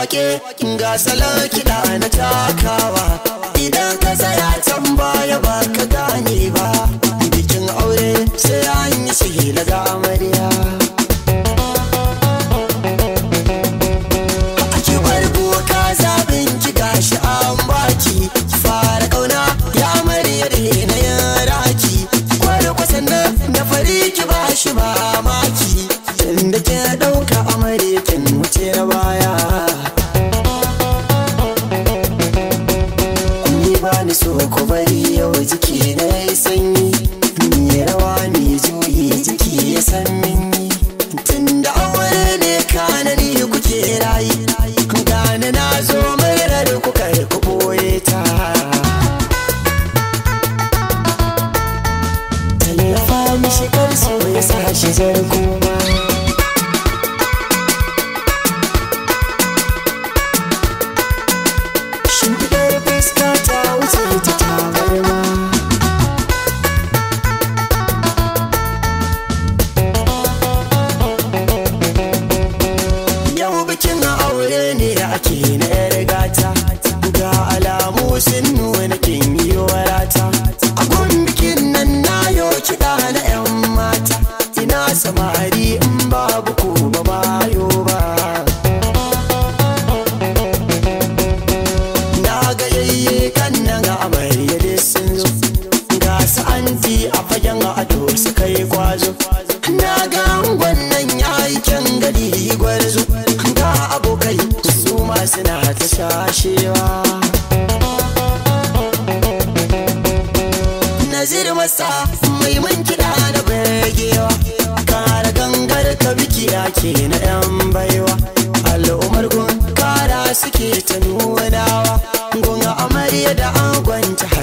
wake ga salon kiɗa na takawa idan ka tsaya tambaya baya ba ka gane ba bikin aure sai anyi yi sihila ga amarya kiwar boka zaɓin ki gashi an baki ki fara ƙauna ya amarya da na yin raki kwarakwasan na fari ki bashi ba zarguna shimfiɗar ta yau bikin aure ne da ake ne. sa mai man kiɗa na birgewa kara gangar ka bikiya ke na yan baiwa al'umar gun kara suke ta nunawa gun amarya da an ta